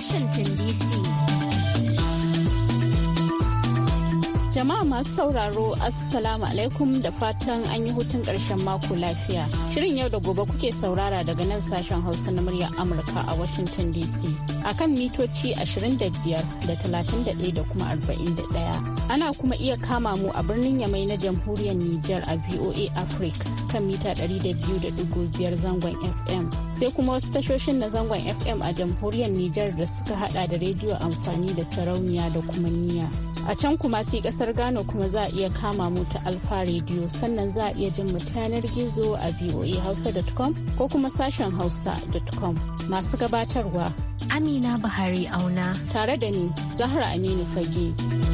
Washington DC. Jama'a masu sauraro Assalamu alaikum da fatan an yi hutun ƙarshen mako lafiya. Shirin yau da gobe kuke saurara daga nan sashen Hausa na muryar Amurka a Washington DC. Akan mitoci 25 da 31 da kuma 41. Ana kuma iya kama mu a birnin Yamai na jamhuriyar Nijar a VOA Africa kan mita 200.5 zangon FM. Sai kuma wasu tashoshin na zangon FM a jamhuriyar Nijar da suka hada da rediyo amfani da sarauniya da kuma niya. A can kuma sai kasar Ghana kuma za a iya kama mu ta Alfa Radio sannan za a iya jin mu yanar gizo a voa voahausa.com ko kuma sashen hausa.com masu gabatarwa. Amina Buhari auna. Tare da ni, Zahra Aminu Fage.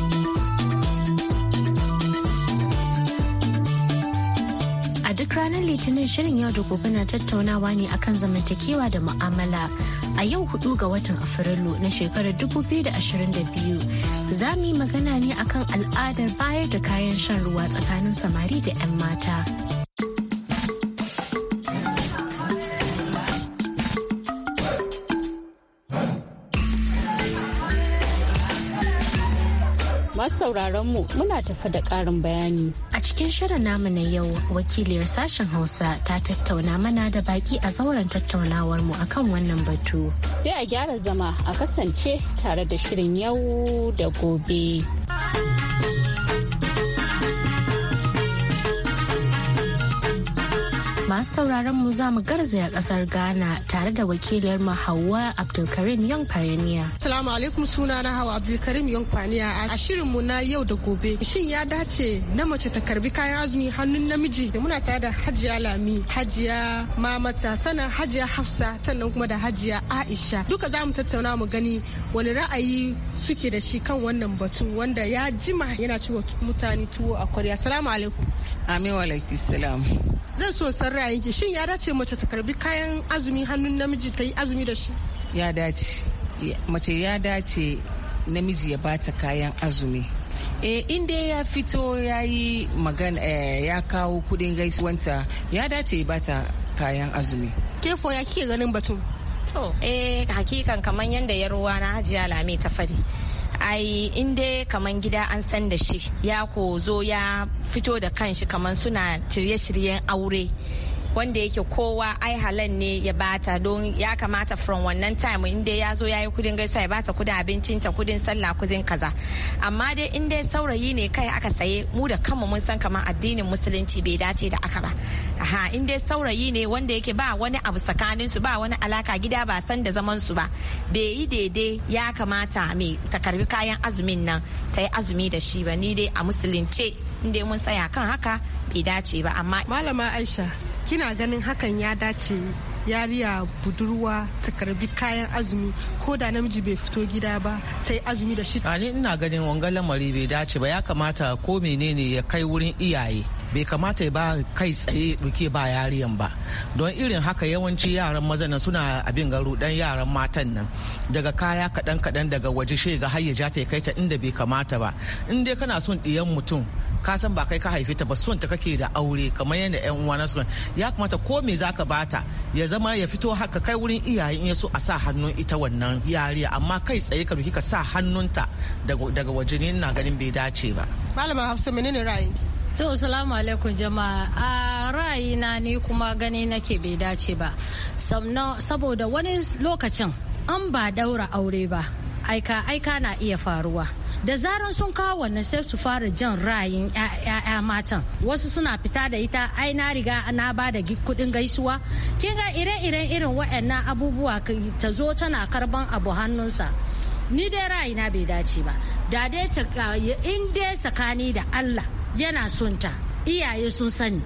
duk ranar Litinin shirin yau da gobe na tattaunawa ne akan zamantakewa da mu'amala. A yau hudu ga watan Afrilu na shekarar 2022 za mu yi magana ne akan al'adar bayar da kayan shan ruwa tsakanin samari da 'yan mata. sauraron mu muna tafa da ƙarin bayani. A cikin shirin namu na yau wakiliyar sashen Hausa ta tattauna mana da baki a zauren tattaunawar mu akan wannan batu. Sai a gyara zama a kasance tare da shirin yau da gobe. masu sauraron mu za mu garzaya kasar ghana tare da wakiliyar mu hawa abdulkarim yan fayaniya salamu alaikum suna na hawa abdulkarim yan fayaniya a shirin mu na yau da gobe shin ya dace na mace ta karbi kayan azumi hannun namiji da muna tare da hajiya lami hajiya mamata sannan hajiya hafsa sannan kuma da hajiya aisha duka za mu tattauna mu gani wani ra'ayi suke da shi kan wannan batu wanda ya jima yana ci mutane tuwo a kwarya salamu alaikum amin wa alaikum salam zan so san ki shin ya dace mace ta karbi kayan azumi hannun namiji ta yi azumi da shi ya dace mace ya dace namiji ya bata kayan azumi e eh, inda ya fito ya yi magana eh, ya kawo kudin gaisuwanta ya dace ya bata kayan azumi kefo ya kike ganin batun to eh hakikan kamar yadda ya ruwa na hajiya lami ta fadi ai in dai kaman gida an san da shi ya ko zo ya fito da kanshi kaman suna shirye-shiryen aure wanda yake kowa ai halan ne ya bata don ya kamata from wannan time inda ya zo ya yi kudin gaisuwa ya bata kudin abincin ta kudin sallah kudin kaza amma dai in dai saurayi ne kai aka saye mu da kanmu mun san kamar addinin musulunci bai dace da aka ba aha in dai saurayi ne wanda yake ba wani abu tsakanin su ba wani alaka gida ba san da zaman su ba bai yi daidai ya kamata mai ta karbi kayan azumin nan ta yi azumi da shi ba ni dai a musulunce inda mun tsaya kan haka bai dace ba amma malama aisha kina ganin hakan ya dace yariya budurwa ta karbi kayan azumi ko da namiji bai fito gida ba ta yi azumi da shi. ni ina ganin wangan lamari bai dace ba ya kamata ko menene ya kai wurin iyaye bai kamata ya ba kai tsaye duke ba yariyan ba don irin haka yawanci yaran maza nan suna abin garu dan yaran matan nan daga kaya kadan kadan daga waje shiga har ya ja ta kai ta inda bai kamata ba in dai kana son diyan mutum ka san ba kai ka haife ta ba son ta kake da aure kamar yadda yan uwa na ya kamata ko me zaka bata ya zama ya fito haka kai wurin iyayen ya so a sa hannun ita wannan yariya amma kai tsaye ka ruki ka sa hannunta daga waje ne ina ganin bai dace ba malama hafsa menene ra'ayinki To salamu alaikum jama'a a ra'ayina ne kuma gani nake bai dace ba saboda wani lokacin an ba daura aure ba aika aika na iya faruwa da zaran sun kawo wannan sai su fara jan ra'ayin 'ya'ya matan wasu suna fita da ita ai na riga na ba da kudin gaisuwa kin ga ire-iren irin waɗannan abubuwa ta zo tana karban abu hannunsa ni dai ra'ayina bai dace ba da dai in dai tsakani da Allah yana son ta iyaye sun sani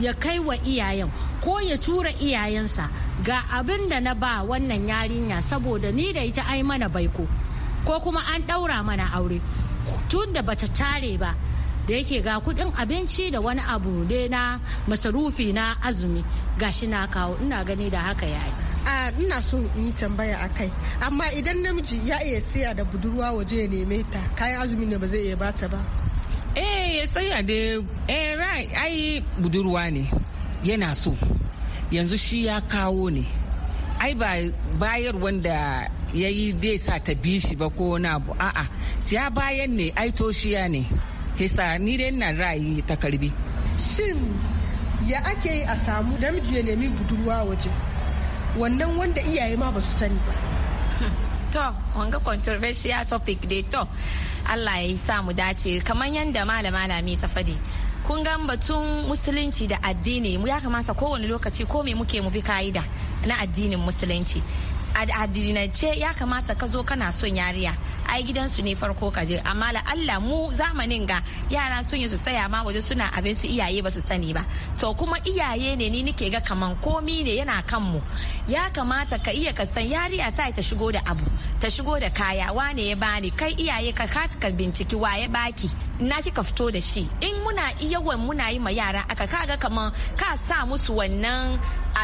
ya kai wa iyayen ko ya tura iyayensa ga abin da na ba wannan yarinya saboda ni da ita ai mana baiko ko kuma an ɗaura mana aure tun da bata tare ba da yake ga kudin abinci da wani abu dai na masarufi na azumi gashi na kawo ina gani da haka ya yi ina so in yi tambaya a kai amma idan namiji ya iya siya da budurwa waje ya neme ta kayan azumi ne ba zai iya bata ba eh ya tsaya da eh ai budurwa ne yana so yanzu shi ya kawo ne ai ba bayar wanda ya yi dai sa ta bi shi ba ko na abu a'a ya bayan ne ai toshiya ne kisa ni dai na ra'ayi ta karbi shin ya ake yi a samu namiji ya nemi budurwa waje wannan wanda iyaye ma ba su sani ba to wanga controversial topic dey to Allah ya sa mu dace kamar yadda malama lami ta fadi kun ga batun musulunci da addini mu ya kamata kowane lokaci ko me muke mu bi ka'ida na addinin musulunci addinance ya kamata ka zo kana son yariya ai gidansu ne farko ka je amma la Allah mu zamanin ga yara sun yi su saya ma waje suna abin su iyaye ba su sani ba to kuma iyaye ne ni nike ga kaman komi ne yana kan mu ya kamata ka iya ka san yariya ta ta shigo da abu ta shigo da kaya wane ya bani kai iyaye ka ka binciki wa baki na kika fito da shi in muna yawan muna yi ma yara aka kaga kaman ka sa musu wannan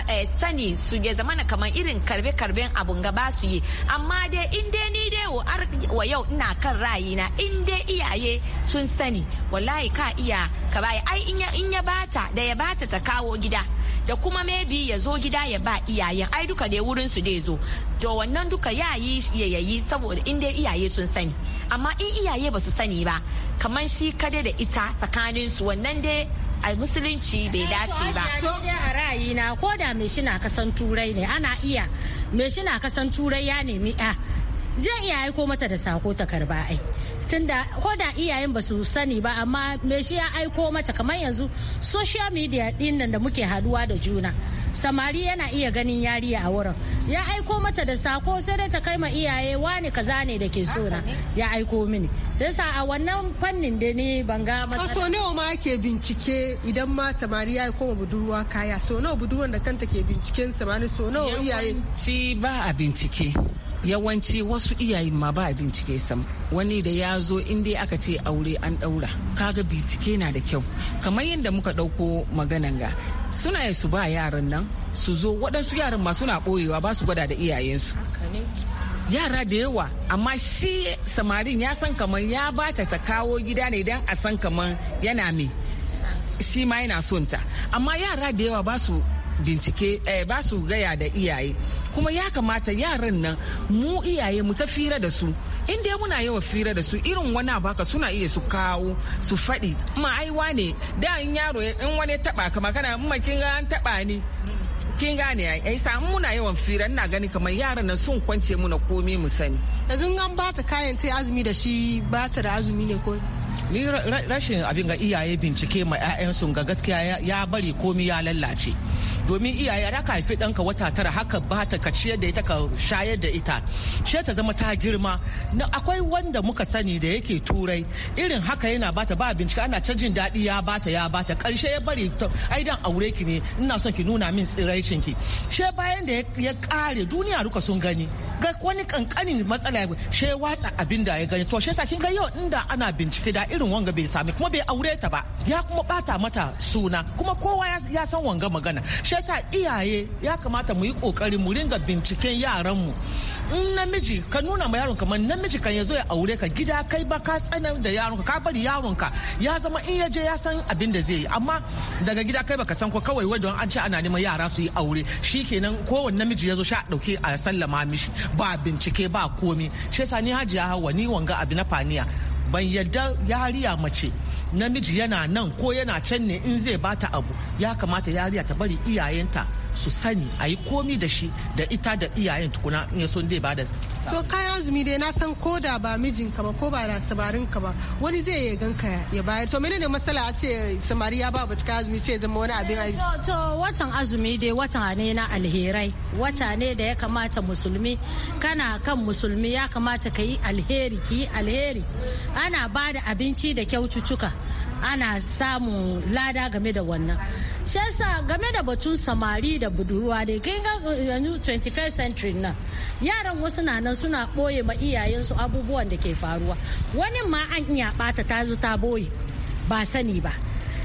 Eh, sani su ya zamana kamar irin karbe-karben abun gaba su yi amma dai in dai ni dai wa yau ina kan rayina in dai iyaye sun sani wallahi ka iya ka baya ai in ya bata da ya bata ta kawo gida da kuma maybe ya zo gida ya ba iyayen ai duka dai wurin su dai zo to wannan duka yayi yi saboda in dai iyaye sun sani amma in iyaye ba su sani ba kamar shi kada da ita tsakanin su wannan dai a musulunci bai eh, dace ba. To a ra'ayina ko da mai shi na kasan turai ne ana iya mai shi na kasan turai ya nemi a zai iya aiko mata da sako ta karba ai tunda ko da iyayen ba su sani ba amma me shi ya aiko mata kamar yanzu social media din nan da muke haduwa da juna samari yana iya ganin yariya a wurin ya aiko mata da sako sai dai ta kai ma iyaye wani kaza ne da ke so na ya aiko mini don sa a wannan fannin da ni ban ga matsala so nawa ma ke bincike idan ma samari ya aiko ma budurwa kaya so nawa budurwan da kanta ke binciken samari so nawa iyaye ci ba a bincike yawanci wasu iyaye ma ba bincike sam wani da ya zo in dai aka ce aure an daura kaga bincike na da kyau kamar yadda muka dauko maganan ga suna su ba yaran nan su zo waɗansu yaran ma suna ɓoyewa ba su gwada da iyayensu yara da yawa amma shi samarin ya san kamar ya bata ta kawo gida ne don a san kamar yana me shi ma yana son ta amma yara da yawa ba su bincike eh, ba su gaya da iyaye kuma ya kamata yaran nan mu iyaye mu ta fira da su inda ya muna yawa fira da su irin wani abu haka suna iya su kawo su faɗi ma aiwa ne da in yaro in wani taɓa kama kana ma kin ga an taɓa ni kin gane ai ai samu muna yawan fira ina gani kamar yaran nan sun kwance muna komai mu sani yanzu an ba ta kayan ta azumi da shi ba ta da azumi ne ko ni rashin abin ga iyaye bincike ma sun ga gaskiya ya bari komi ya lallace domin iyaye raka haifi ɗanka wata tara haka ba ta ka ciyar da ita ka shayar da ita she ta zama ta girma na akwai wanda muka sani da yake turai irin haka yana bata ba bincike ana ta jin daɗi ya bata ya bata karshe ya bari ai dan aure ki ne ina son ki nuna min tsiraicin ki she bayan da ya kare duniya duka sun gani ga wani kankanin matsala she watsa abin da ya gani to she sa kin ga yau inda ana bincike da irin wanga bai sami kuma bai aure ta ba ya kuma bata mata suna kuma kowa ya san wanga magana shi iyaye ya kamata mu yi kokari mu ringa binciken yaranmu in namiji ka nuna ma yaron kamar namiji kan ya zo ya aure ka gida kai ba ka tsana da yaron ka bari yaron ka ya zama in ya je ya san abin da zai yi amma daga gida kai ba ka san ko kawai wai don an ce ana neman yara su yi aure shi kenan kowanne namiji ya zo sha dauke a sallama mishi ba bincike ba komi shi yasa ni hajiya hawa ni wanga abu na faniya ban yarda yariya mace namiji yana nan ko yana can ne in zai bata abu ya kamata yariya ta bari iyayenta su sani a yi komi da shi da ita da iyayen tukuna in ya son zai ba da so kayan azumi dai na san ko da ba mijinka ba ko ba da samarin ba wani zai ya ganka ya bayar to menene matsala a ce samari ya ba ba ta azumi sai zama wani abin ai to watan azumi dai wata ne na alherai wata ne da ya kamata musulmi kana kan musulmi ya kamata ka yi alheri ki alheri ana ba da abinci da kyaututtuka ana samun lada game da wannan shi yasa game da batun samari da budurwa dai kai ga eh, yanzu 21st century nan yaran wasu na nan suna boye ma iyayensu abubuwan da ke faruwa wani ma an iya bata ta zo ta boye ba sani ba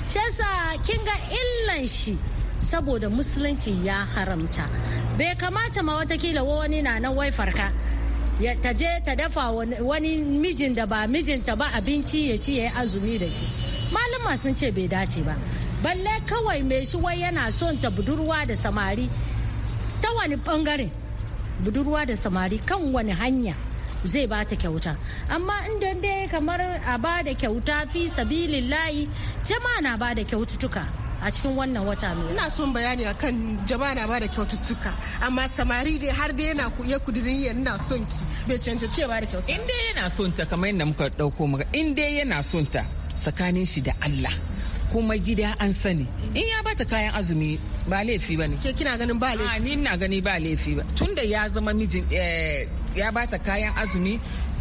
shi yasa kin ga illan shi saboda musulunci ya haramta bai kamata ma watakila wani na nan wai farka ta je ta dafa wani mijin da ba mijinta ba abinci ya ci ya yi azumi da shi malama sun ce bai dace ba balle kawai mai shi wai yana son ta budurwa da samari ta wani bangare budurwa da samari kan wani hanya zai ba ta kyauta amma inda dai kamar a ba da kyauta fi sabilin layi jama'a na ba da kyaututtuka a cikin wannan wata mai ina son bayani akan jama'a na bada kyaututtuka amma samari dai har dai yana ya kudurin ya ina son ki bai cancanci ya bada kyaututtuka in dai yana son ta kamar yadda muka dauko maka in dai yana son ta tsakanin shi da Allah kuma gida an sani in ya bata kayan azumi ba laifi ba ne ke kina ganin ba laifi ni ina gani ba laifi ba tunda ya zama mijin eh, ya bata kayan azumi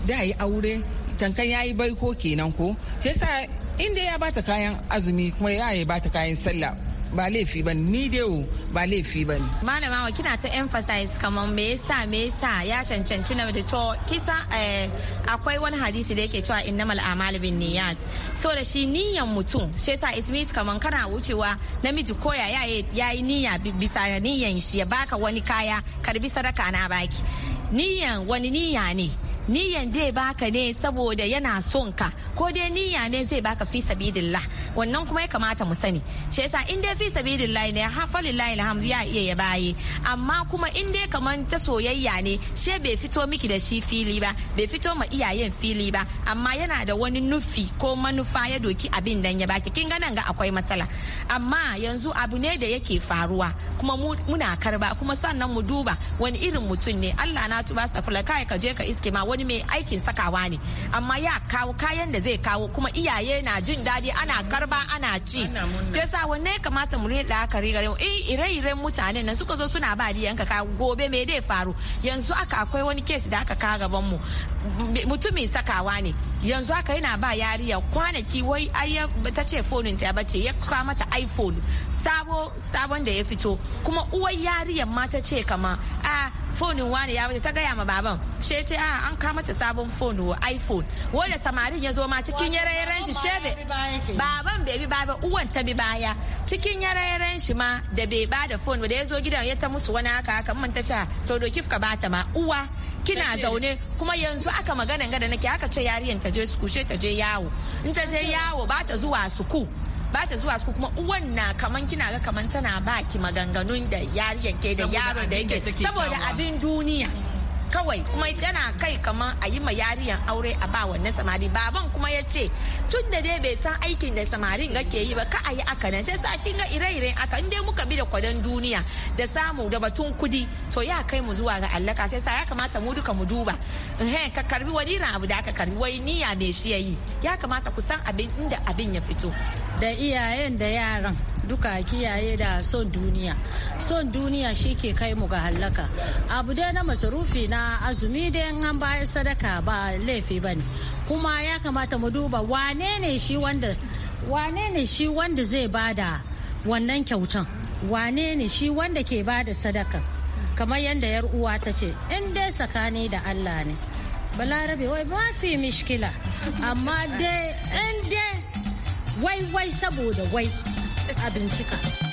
da yi aure tankan ya yi baiko kenan ko sai inda ya bata kayan azumi kuma ya ya bata kayan sallah ba laifi ba ni dai ba laifi ba ne. Malama wa kina ta emphasize kamar me yasa me yasa ya cancanci na da to kisa eh, akwai wani hadisi da yake cewa mal amal bin niyat so da shi niyan mutum shi yasa it means kamar kana wucewa namiji ko ya yayi niyya bisa niyan shi ya baka wani kaya karbi sadaka na baki. niyan wani niyya ne niyan dai baka ne saboda yana son ka ko dai niyya ne zai baka fi sabidillah wannan kuma ya kamata mu sani shi yasa in dai fi sabidillah ne ha falillahi alhamd ya iya ya baye amma kuma in dai kaman ta soyayya ne she bai fito miki da shi fili ba bai fito ma iyayen fili ba amma yana da wani nufi ko manufa ya doki abin dan ya baki kin ga nan ga akwai matsala amma yanzu abu ne da yake faruwa kuma muna karba kuma sannan mu duba wani irin mutum ne Allah na tuba safula kai ka je ka iske ma wani mai aikin sakawa ne amma ya kawo kayan da zai kawo kuma iyaye na jin daɗi ana karba ana ci ta sa wanne ya kamata mu rinda aka riga eh, ire ire mutanen nan suka zo suna ba diyan ka gobe mai dai faru yanzu aka akwai wani kesi da aka kawo gaban mu mutumin sakawa ne yanzu aka yana ba yariya kwanaki wai ta ce fonin ta ce ya kawo mata iphone sabon da ya fito kuma uwar yariyar ma ta ce kama a ah, fonin wani ya ta gaya ma baban she ce a ah, an ka mata sabon phone wa iphone wanda samarin ya zo ma cikin yarayaren shi shebe baban bai bi baba uwan ta bi baya cikin yarayaren shi ma da bai ba da phone da ya zo gidan ya ta musu wani haka haka mun ta ce to doki ka bata ma uwa kina zaune kuma yanzu aka magana gada nake aka ce yariyan ta je su kushe ta je yawo in ta je yawo ba ta zuwa suku ba ta zuwa su kuma uwan na kaman kina ga kaman tana ba ki maganganun da yariyar ke da yaro da yake saboda abin duniya kawai kuma yana kai kaman a yi ma yariyan aure a ba wannan samari baban kuma ya ce tun da dai bai san aikin da samarin ga ke yi ba ka a yi aka nan sai kin ga ire-iren aka in dai muka bi da kwadon duniya da samu da batun kudi to ya kai mu zuwa ga allaka sai sa ya kamata mu duka mu duba he ka karbi wani abu da aka karbi wai niyya me shi yayi ya kamata ku san abin inda abin ya fito da iyayen da yaran duka kiyaye da son duniya son duniya shi ke kai mu ga hallaka abu dai na masarufi na azumi dai an baya sadaka ba laifi ba ne kuma ya kamata mu duba wane ne shi wanda zai ba da wannan kyautan wane ne shi wanda ke bada sadaka kamar yadda yar uwa ta ce in dai tsakani da allah ne balarabe wai mafi mishkila amma dai in dai wai wai saboda wai a bincika.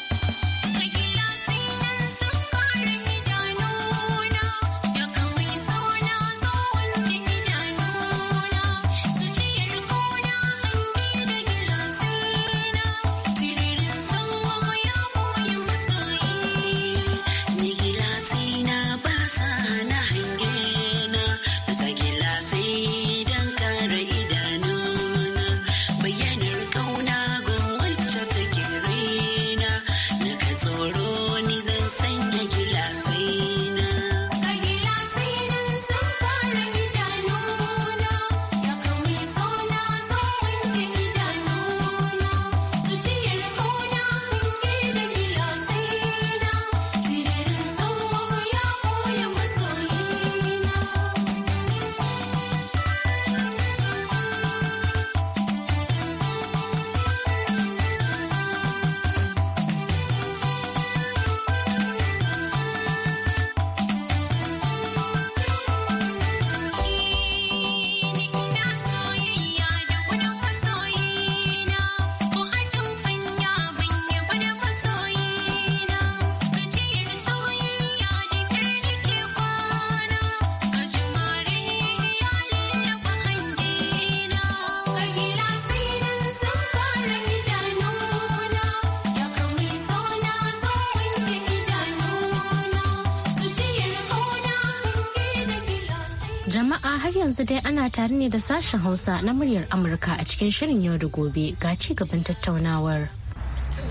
yanzu dai ana tare ne da sashen Hausa na muryar Amurka a cikin shirin yau da gobe ga ci gaban tattaunawar.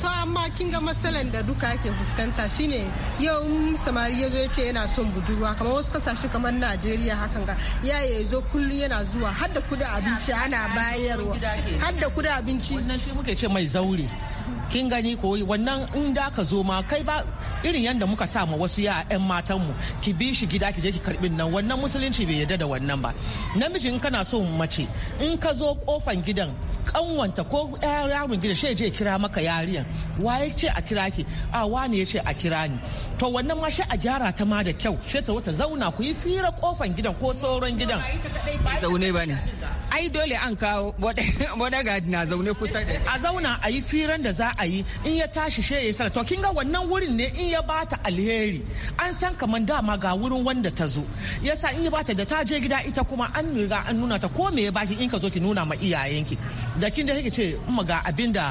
to amma kin ga matsalan da duka yake fuskanta shine yau samari ya zo ya ce yana son budurwa kamar wasu kasashe kamar najeriya hakan ga ya ya zo kullum yana zuwa har da abinci ana bayarwa har da abinci wannan shi muke ce mai zaure kin gani ko wannan in da ka zo ma kai ba irin yadda muka sa ma wasu ya 'yan matanmu ki bi shi gida ki je ki karbi nan wannan musulunci bai yarda da wannan ba namiji in kana so mace in ka zo kofan gidan kanwanta ko yaron gidan shi je kira maka yariyan waye ce a kira ki a wani ya ce a kira ni to wannan ma shi a gyara ta ma da kyau shi ta wata zauna ku yi fira kofan gidan ko sauran gidan zaune ba ai dole an kawo gadi na zaune kusa da a zauna a yi firan da za a yi in ya tashi she ya sala to kin ga wannan wurin ne in ya bata alheri an san kaman dama ga wurin wanda ta zo yasa in ya bata da ta je gida ita kuma an riga an nuna ta ko me ya baki in ka zo ki nuna ma iyayenki da kin je kike ce ma ga abin da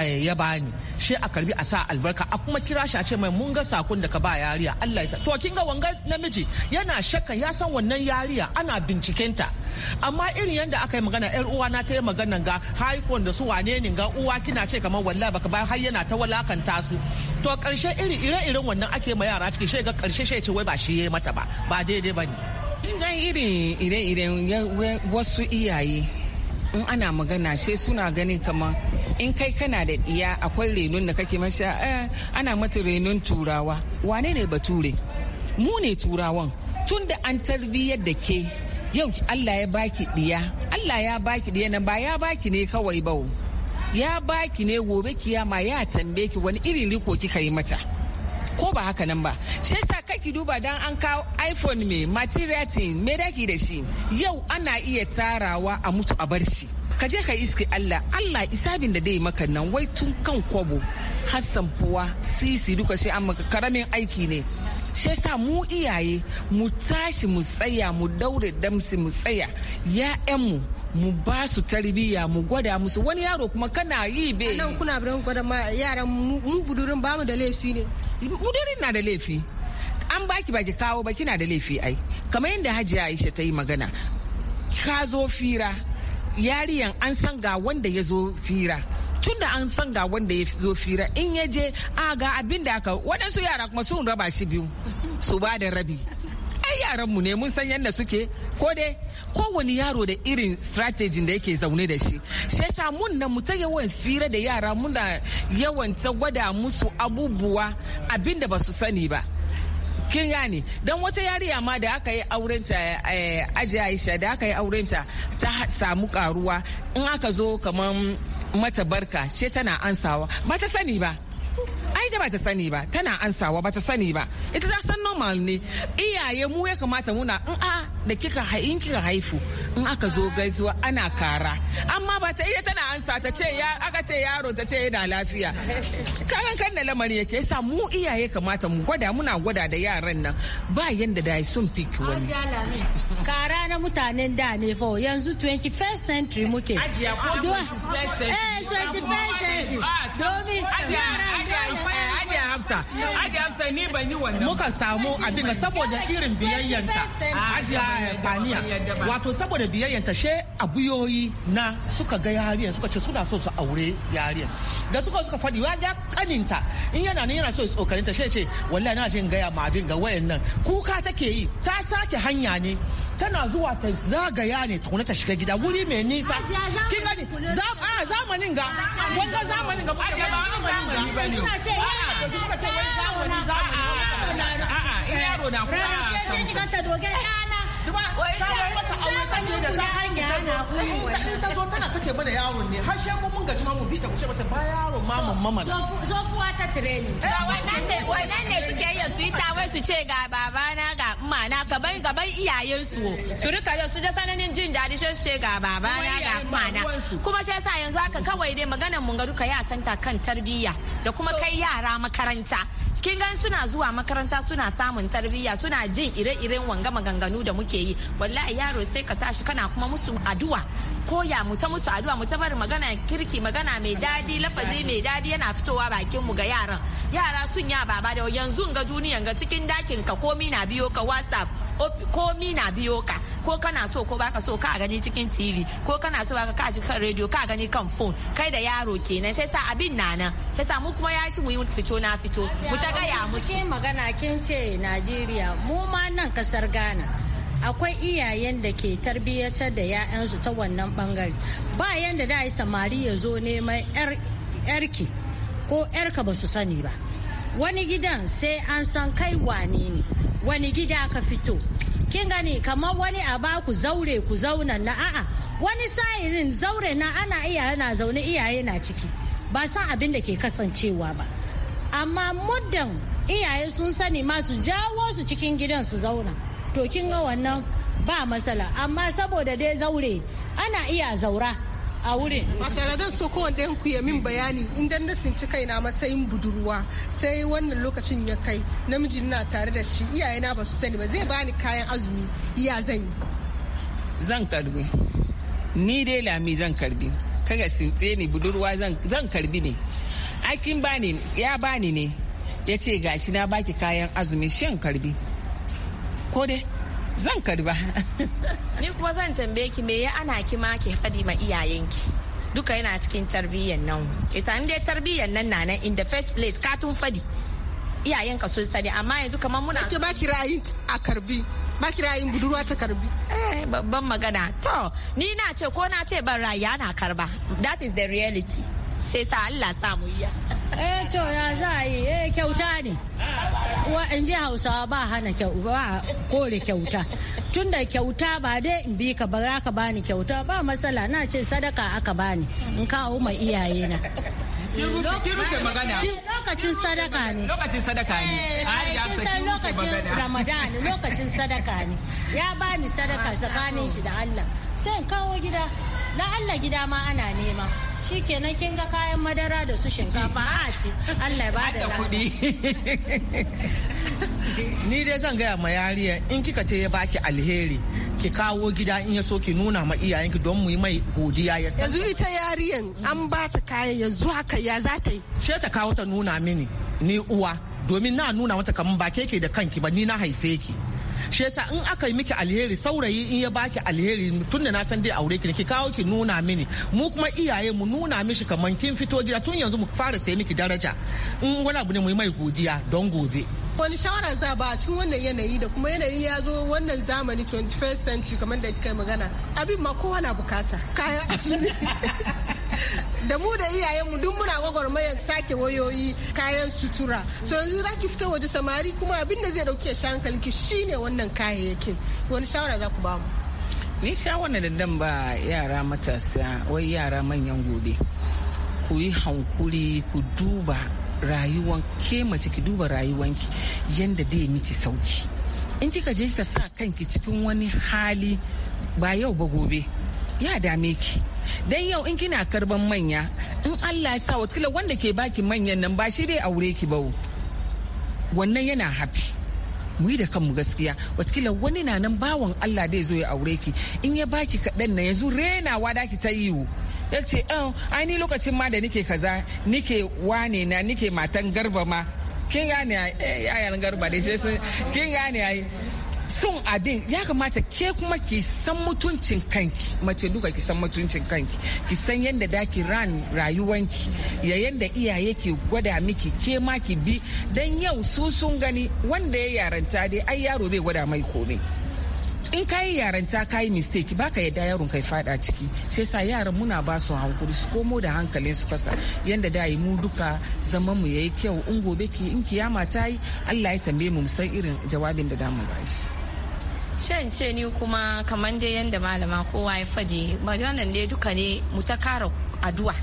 eh, ya bani she a karbi a sa albarka a kuma kira shi a ce mai mun ga sakon da ka ba yariya Allah ya sa to kin ga wangar namiji yana shakka ya san wannan yariya ana bincikenta amma irin yanda da aka yi magana yar uwa na ta yi maganan ga haifon da su wane ne ga uwa kina ce kamar wallahi baka ba har yana ta walakanta su to karshe iri ire irin wannan ake ma yara cikin shi ga karshe shi ce wai ba shi yayi mata ba ba daidai bane dan irin ire-iren wasu iyaye in ana magana she suna ganin kamar in kai kana da diya akwai renon da kake masha eh, ana mata renon turawa wane ne bature mu ne turawan tun da an tarbiyyar da ke yau Allah ya baki diya Allah ya baki da yanan ba ya baki ne kawai ba ya baki ne gobe kiyama ya tambaye ki wani irin riko kika yi mata ko ba haka nan ba shi yasa kaki duba dan an kawo iphone mai material thing me daki da shi yau ana iya tarawa a mutu a bar shi ka je ka iske Allah Allah isabin da dai maka nan wai tun kan kwabo Hassan Fuwa sisi duka shi amma karamin aiki ne shi yasa mu iyaye mu tashi mu tsaya mu daure damsi mu tsaya ya'yanmu mu ba su tarbiyya mu gwada musu wani yaro kuma kana yi be nan kuna biran gwada ma yaran mu budurin mu da laifi ne budurin na da laifi an baki baki kawo ba kina da laifi ai kamar yadda hajiya aisha ta yi magana ka zo fira yariyan an san ga wanda ya zo fira tun da an san ga wanda ya zo fira in ya je a ga abin da aka waɗansu yara kuma sun raba shi biyu su ba da rabi ai yaran mu ne mun san yadda suke ko dai kowane yaro da irin strategy da yake zaune da shi shi yasa mun na mu ta yawan fira da yara muna yawan ta gwada musu abubuwa abin da ba su sani ba kin gane don wata yariya ma da aka yi aurenta eh, aji aisha da aka yi aurenta ta samu karuwa in aka zo kamar mata barka she tana ansawa ba ta sani ba ai da ba ta sani ba tana ansawa ba ta sani ba ita ta san normal ne iyaye mu ya kamata muna in a da kika in kika haifu in aka zo gaisuwa ana kara amma ba ta iya tana ansa ta ce ya aka ce yaro ta ce yana lafiya kan kan da lamari yake sa mu iyaye kamata mu gwada muna gwada da yaran nan ba yanda da sun fiki wani kara na mutanen da ne fa yanzu 21st century muke ajiya ko 21st century eh, 20% eh? domin ni ban yi wannan. Muka samu abin saboda irin biyayyanta eh? Ajiya eh, Baniya. Wato saboda biyayyanta she abuyoyi na suka ga yariyan suka ce suna so su aure yariyan. Da suka suka faɗi wa ya kaninta in yana nan yana so ya tsokaninta she ce wallahi na jin gaya ma abin ga wayannan nan kuka take yi ta sake hanya ne tana zuwa ta zagaya ne tukuna ta shiga gida wuri mai nisa kin gani zamanin ga wanda zamanin ga ba zamanin ga suna ce yana da kuma ta wai zamani zamani a'a in yaro na kuma sai ki ganta doge dana ta zo tana sake mana yaron ne har shekun mun gaji mamu bita ku ce mata ba yaron mamun mama zofuwa ta training wannan ne suke yi su yi tawai su ce ga babana ga mana gaban gaban iyayensu su rika yau su da sananin jin daɗi shi ce ga baba na ga mana kuma sai sa yanzu haka kawai dai maganar mun ga duka ya santa kan tarbiyya da kuma kai yara makaranta kin gan suna zuwa makaranta suna samun tarbiyya suna jin ire-iren wanga maganganu da muke yi wallahi yaro sai ka tashi kana kuma musu addu'a koya mu ta musu addu'a mu ta bari magana kirki magana mai dadi lafazi mai dadi yana fitowa bakin mu ga yaran yara sun ya baba da yanzu ga duniya ga cikin dakin ka komi na biyo ka whatsapp komi na biyo ka ko kana so ko baka so ka gani cikin tv ko kana so baka ka kan radio ka gani kan phone kai da yaro kenan sai sa abin na nan sai sa mu kuma ya ci mu fito na fito mu ta gaya musu magana kin ce Najeriya mu ma nan kasar Ghana akwai iyayen da ke tarbiyyatar da 'ya'yansu ta wannan bangare ba yadda da samari ya zo neman 'yarki ko 'yarka ba su sani ba wani gidan sai an san kai wane ne wani gida ka fito kin gani kamar wani a ba ku zaure ku zauna na a'a wani sa'irin zaure na ana iya na zaune iyaye na ciki ba san abin da ke kasancewa ba amma muddin iyaye sun sani ma su jawo su cikin gidan su zauna to kin ga wannan ba matsala amma saboda dai zaure ana iya zaura a wurin. Masara don so kowanne ku ya min bayani idan na sinci kaina matsayin budurwa sai wannan lokacin ya kai namiji na tare da shi iyayena ba su sani ba zai bani kayan azumi iya zan yi. Zan karbi. Ni dai lami zan karbi. Kaga sintse ni budurwa zan karbi ne. Akin bani ya bani ne. Ya ce gashi na baki kayan azumi shan karbi. ko dai zan karba ni kuma zan tambaye ki me ya ana ki ma ki fadi ma iyayenki duka yana cikin tarbiyyar nan isa ni dai tarbiyyar nan na nan in the first place ka tun fadi iyayenka sun sani amma yanzu kamar muna ke ki ra'ayin a karbi ki ra'ayin budurwa ta karbi eh babban magana to ni na ce ko na ce ban ra'ayi ana karba that is the reality sai sa Allah sa iya eh to ya za a yi eh kyauta ne in ji hausawa ba hana ba kore kyauta tun da kyauta ba dai in bi ka ba ka bani kyauta ba matsala na ce sadaka aka bani in kawo ma iyaye na lokacin sadaka ne lokacin sadaka ne eh, lokacin ramadan lokacin sadaka ne ya bani sadaka tsakanin shi da allah sai in kawo gida na allah gida ma ana nema shi kenan kin ga kayan madara da su shinkafa a ce Allah ba da kuɗi ni dai zan gaya ma yariya in kika ce ya baki alheri ki kawo gida in ya so ki nuna ma iyayenki don mu yi mai godiya ya yanzu ita yariyan an ba ta kayan yanzu haka ya za ta yi she ta kawo ta nuna mini ni uwa domin na nuna mata kamar ba ke da kanki ba ni na haife ki shi yasa in aka yi miki alheri saurayi in ya baki alheri tun da na san dai aure ki ki kawo ki nuna mini mu kuma iyaye mu nuna mishi kaman kin fito gida tun yanzu mu fara sai miki daraja in wani abu ne mu yi mai godiya don gobe wani shawara za ba cikin wannan yanayi da kuma yanayi ya zo wannan zamani 21st century kamar da kika magana abin ma kowa na bukata kayan da mu da iyayenmu duk muna gwagwarmayar sake wayoyi kayan sutura so yanzu za ki fita waje samari kuma abin da zai dauke shi hankalinki shine wannan kayayyakin wani shawara za ku ba mu ni shawara da dan ba yara matasa wai yara manyan gobe ku yi hankuri ku duba rayuwan ke mace ki duba rayuwanki yanda dai miki sauki in kika je kika sa kanki cikin wani hali ba yau ba gobe ya dame ki dan yau in kina karban manya in Allah ya sa watakila wanda ke baki manyan nan ba shi dai aure ki ba wannan yana hafi mu da kanmu gaskiya watakila wani na nan bawan Allah dai zo ya aure ki in ya baki kaɗan na yanzu renawa da ki ta yiwu ya ce oh ai ni lokacin ma da nike kaza nike wane na nike matan garba ma kin gane eh, yayan garba da sai kin gane ai son abin ya kamata ke kuma ki san mutuncin kanki mace duka ki san mutuncin kanki ki san yadda daki ran rayuwanki ya yadda iyaye ke gwada miki ke ma ki bi dan yau su sun gani wanda ya yaranta dai ai yaro bai gwada mai komai in ka yi yaranta ka yi mistake baka yadda yaron kai fada ciki shi sa yaran muna ba su hankuri su komo da hankalin su kasa yadda da yi mu duka zaman mu yayi kyau in gobe ki in kiyama ta yi Allah ya tambaye mu san irin jawabin da damu ba shi shan ce ni kuma kamar dai yadda malama kowa ya fadi maganan ne duka ne mu ta kara addu'a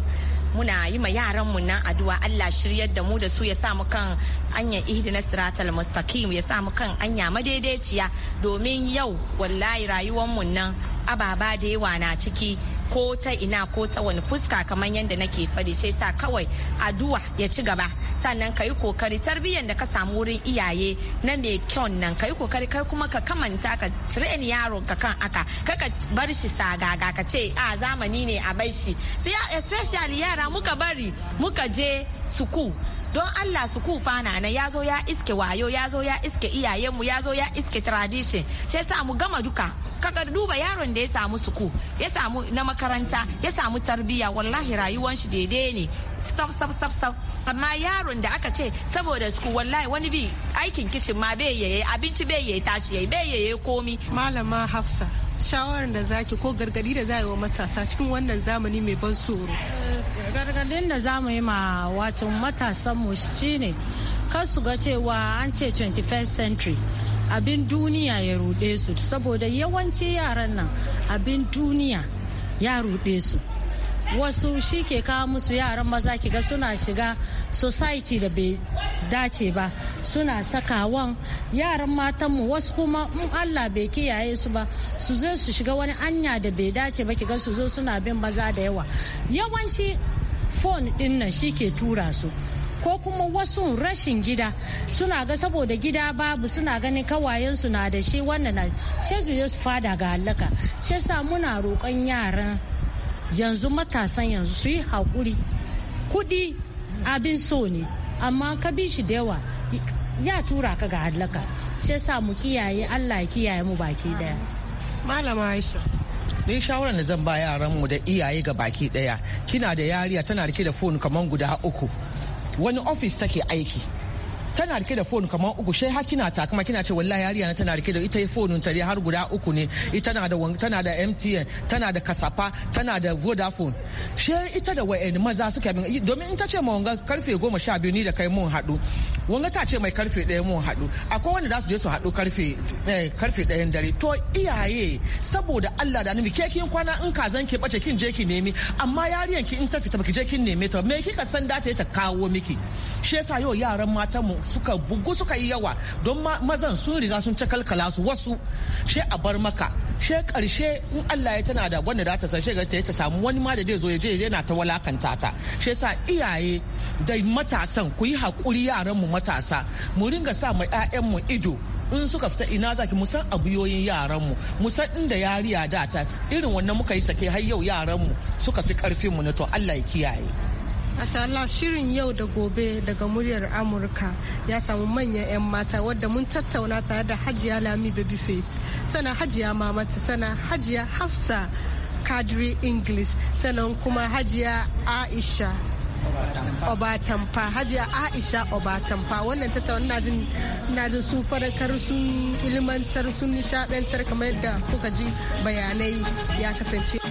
muna yi ma yaran mu nan addu'a Allah shiryar da mu da su ya sa kan anya ihdina siratal mustaqim ya sa kan anya madaidaiciya domin yau wallahi rayuwar mu nan ababa da yawa na ciki ko ta ina ko ta wani fuska kamar yadda nake faɗi shi sa kawai addu'a ya ci gaba sannan ka yi kokari tarbiyyar da ka samu wurin iyaye na mai kyau nan ka yi kokari kai kuma ka kamanta ka train yaron ka kan aka ka bar shi sagaga ka ce a zamani ne a bai shi sai especially yara muka bari muka je suku don Allah su kufa na na ya zo ya iske wayo ya zo ya iske iyayenmu ya zo ya iske tradition sai sa mu gama duka kaga duba yaron da ya samu suku ya samu na makaranta ya samu tarbiyya wallahi rayuwar shi daidai ne sab sab sab sab amma yaron da aka ce saboda suku wallahi wani bi aikin kicin ma bai yaye abinci bai yaye tashi yayi bai yaye komi malama hafsa shawarar da zaki ko gargadi da za yi wa matasa cikin wannan zamani mai ban tsoro gargadin da za mu yi ma wato matasanmu shine kar su ga cewa an ce 21st century abin duniya ya ruɗe su saboda yawanci yaran nan abin duniya ya ruɗe su wasu shi ke kawo musu yaran maza kiga suna shiga society da bai dace ba suna sakawan yaran matanmu wasu kuma in allah bai kiyaye su ba su zo su shiga wani anya da bai dace ba kiga su zo suna bin maza da yawa yawanci fon din nan shi ke tura su ko kuma wasu rashin gida suna ga saboda gida babu suna ganin kawayensu na da shi wannan na sai su su fada ga halaka shi sa muna roƙon yaran yanzu matasan yanzu su yi haƙuri kudi abin so ne amma ka bi shi da yawa ya tura ka ga halaka shi sa mu kiyaye allah ya kiyaye mu baki daya malama aisha ni shawarar da zan ba yaranmu da iyaye ga baki daya kina da yariya tana rike da fon kamar guda uku wani ofis take aiki tana rike da fon kamar uku shai har kina takama kina ce wallahi yariya na tana rike da ita phone tare har guda uku ne ita na da tana da MTN tana da kasafa tana da Vodafone shi ita da wa'en maza suka bin domin in ta ce ma wanga karfe goma sha biyu ni da kai mun hadu wanga ta ce mai karfe 1 mun hadu akwai wanda za su je su hadu karfe eh, karfe 1 dare to iyaye saboda Allah da nimi ke kin kwana in kazan ki bace kin je ki nemi amma yariyan ki in ta fita baki je kin neme ta me kika san dace ta kawo miki shi yasa yau yaran matan mu suka bugu suka yi yawa don mazan sun riga sun cakalkala su wasu she a bar maka she karshe in Allah ya tana da wanda za ta san shegar ta ta samu wani ma da zai zo ya je yana ta walakanta ta she sa iyaye da matasan ku yi hakuri yaran mu matasa mu ringa sa mai ƴaƴan mu ido in suka fita ina zaki mu san abuyoyin yaran mu san inda yariya da ta irin wannan muka yi sake har yau yaran mu suka fi karfin mu na to Allah ya kiyaye a Allah shirin yau da gobe daga muryar Amurka ya samu manyan 'yan mata wadda mun tattauna tare da Hajiya Lami Face, sana Hajiya Mamata, sana Hajiya Hafsa Kadri English, sannan kuma Hajiya Aisha Obatampa, Hajiya Aisha Obatampa wannan tattauna na jin su farakar sun ilimantar sun nishadantar kamar yadda kuka ji bayanai ya kasance.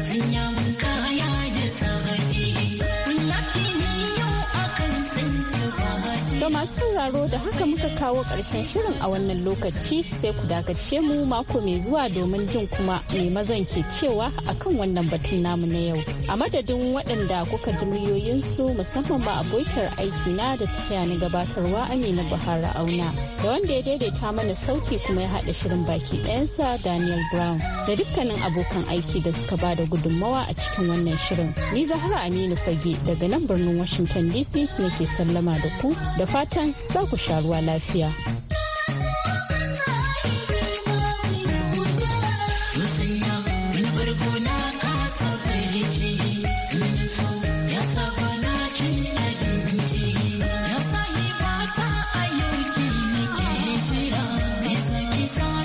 sanya mu ga masu sauraro da haka muka kawo ƙarshen shirin a wannan lokaci sai ku dakace mu mako mai zuwa domin jin kuma mai mazan ke cewa akan wannan batun namu na yau. A madadin waɗanda kuka ji muryoyinsu musamman ma abokiyar aiki na da tafiya ni gabatarwa Amina Buhari Auna da wanda ya daidaita mana sauti kuma ya haɗa shirin baki ɗayansa Daniel Brown da dukkanin abokan aiki da suka ba da gudummawa a cikin wannan shirin. Ni Zahra Aminu Fage daga nan birnin Washington DC nake sallama da ku da fatan za ku sha ruwa lafiya.